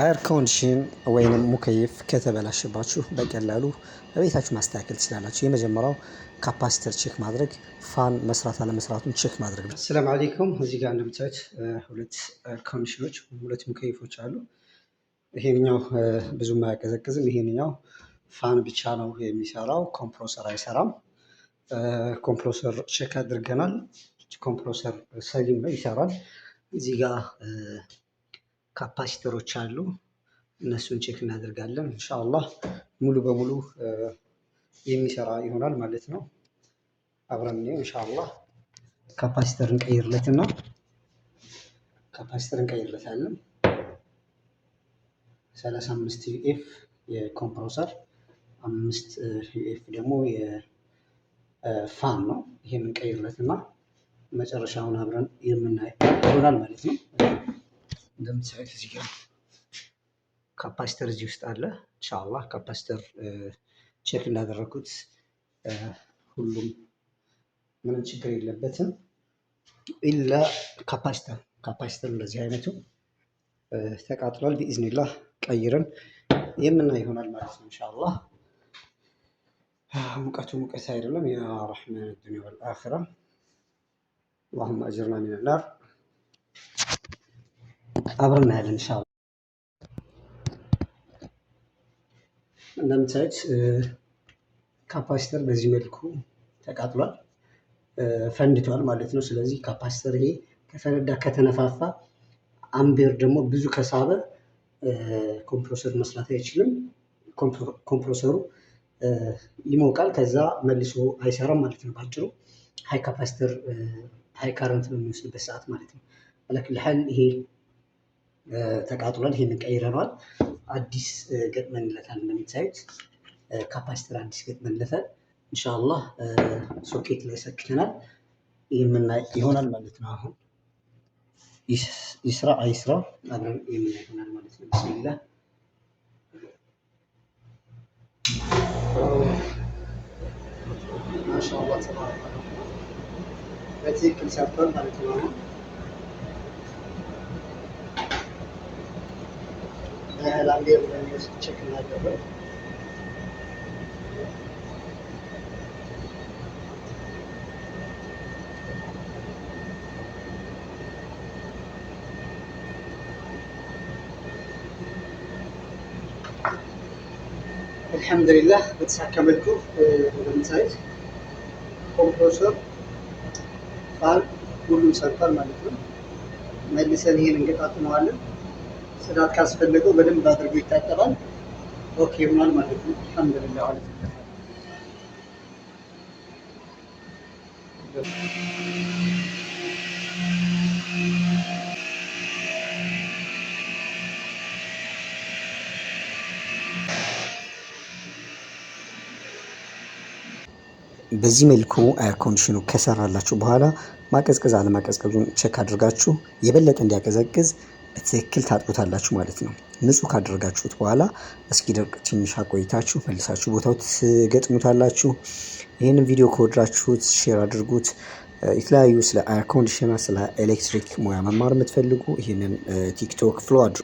አየር ኮንዲሽን ወይንም ሙከይፍ ከተበላሽባችሁ በቀላሉ በቤታችሁ ማስተካከል ትችላላችሁ። የመጀመሪያው ካፓሲተር ቼክ ማድረግ፣ ፋን መስራት አለመስራቱን ቼክ ማድረግ ነው። ሰላም አለይኩም። እዚህ ጋር እንደምታዩት ሁለት አየር ኮንዲሽኖች፣ ሁለት ሙከይፎች አሉ። ይሄኛው ብዙም አያቀዘቅዝም። ይሄኛው ፋን ብቻ ነው የሚሰራው፣ ኮምፕሮሰር አይሰራም። ኮምፕሮሰር ቼክ አድርገናል። ኮምፕሮሰር ሰሊም ነው፣ ይሰራል። እዚህ ጋር ካፓሲተሮች አሉ። እነሱን ቼክ እናደርጋለን። ኢንሻአላህ ሙሉ በሙሉ የሚሰራ ይሆናል ማለት ነው። አብረን ነው ኢንሻአላህ ካፓሲተር እንቀይርለትና ካፓሲተር እንቀይርለታለን። 35 ዩኤፍ የኮምፕሮሰር አምስት ዩኤፍ ደግሞ የፋን ነው። ይሄ እንቀይርለትና መጨረሻውን አብረን የምናየው ይሆናል ማለት ነው። እንደምታዩት እዚህ ጋር ካፓስተር እዚህ ውስጥ አለ። ኢንሻአላህ ካፓስተር ቼክ እንዳደረኩት ሁሉም ምንም ችግር የለበትም። ኢላ ካፓስተር ካፓስተር እንደዚህ አይነቱ ተቃጥሏል። ቢኢዝኒላህ ቀይረን የምናይ ይሆናል ማለት ነው ኢንሻአላህ። ሙቀቱ ሙቀት አይደለም። ያ ረሕማን ዱንያ ወልአኺራ አላሁመ አጅርና ሚነናር አብረን እናያለን ኢንሻአላህ። እንደምታዩት ካፓሲተር በዚህ መልኩ ተቃጥሏል፣ ፈንድቷል ማለት ነው። ስለዚህ ካፓሲተር ይሄ ከፈነዳ ከተነፋፋ፣ አምቤር ደግሞ ብዙ ከሳበ ኮምፕሮሰር መስራት አይችልም። ኮምፕሮሰሩ ይሞቃል፣ ከዛ መልሶ አይሰራም ማለት ነው። ባጭሩ ሃይ ካፓሲተር ሃይ ካረንት በሚወስድበት ሰዓት ማለት ነው። ለክልሀል ይሄ ተቃጥሏል። ይሄንን ቀይረነዋል። አዲስ ገጥመንለታል። እንደምታዩት ካፓሲተር አዲስ ገጥመንለታል። እንሻላ ሶኬት ላይ ሰክተናል። የምናይ ይሆናል ማለት ነው። አሁን ይስራ አይስራ አብረን የምናይ ይሆናል ማለት ነው። ቢስሚላህ ማሻአላህ ተባረከ። በትክክል ሰርቷል ማለት ነው። ከሀይላንድ የሚወስድ ቼክ እናደርጋለን። አልሐምዱሊላህ በተሳካ መልኩ ወደምታዩት ኮምፕሮሰር ፋን ሁሉም ሰርቷል ማለት ነው። መልሰን ይሄን እንገጣጥመዋለን። ጽዳት ካስፈለገው በደንብ አድርጎ ይታጠባል። ኦኬ ይሆናል ማለት ነው። አልሐምዱሊላህ ማለት ነው። በዚህ መልኩ ኮንዲሽኑ ከሰራላችሁ በኋላ ማቀዝቀዝ አለማቀዝቀዙን ቼክ አድርጋችሁ የበለጠ እንዲያቀዘቅዝ በትክክል ታጥቦታላችሁ ማለት ነው። ንጹህ ካደረጋችሁት በኋላ እስኪደርቅ ትንሽ አቆይታችሁ መልሳችሁ ቦታው ትገጥሙታላችሁ። ይህንን ቪዲዮ ከወደዳችሁት ሼር አድርጉት። የተለያዩ ስለ አየር ኮንዲሽነር ስለ ኤሌክትሪክ ሙያ መማር የምትፈልጉ ይህንን ቲክቶክ ፍሎ አድርጉ።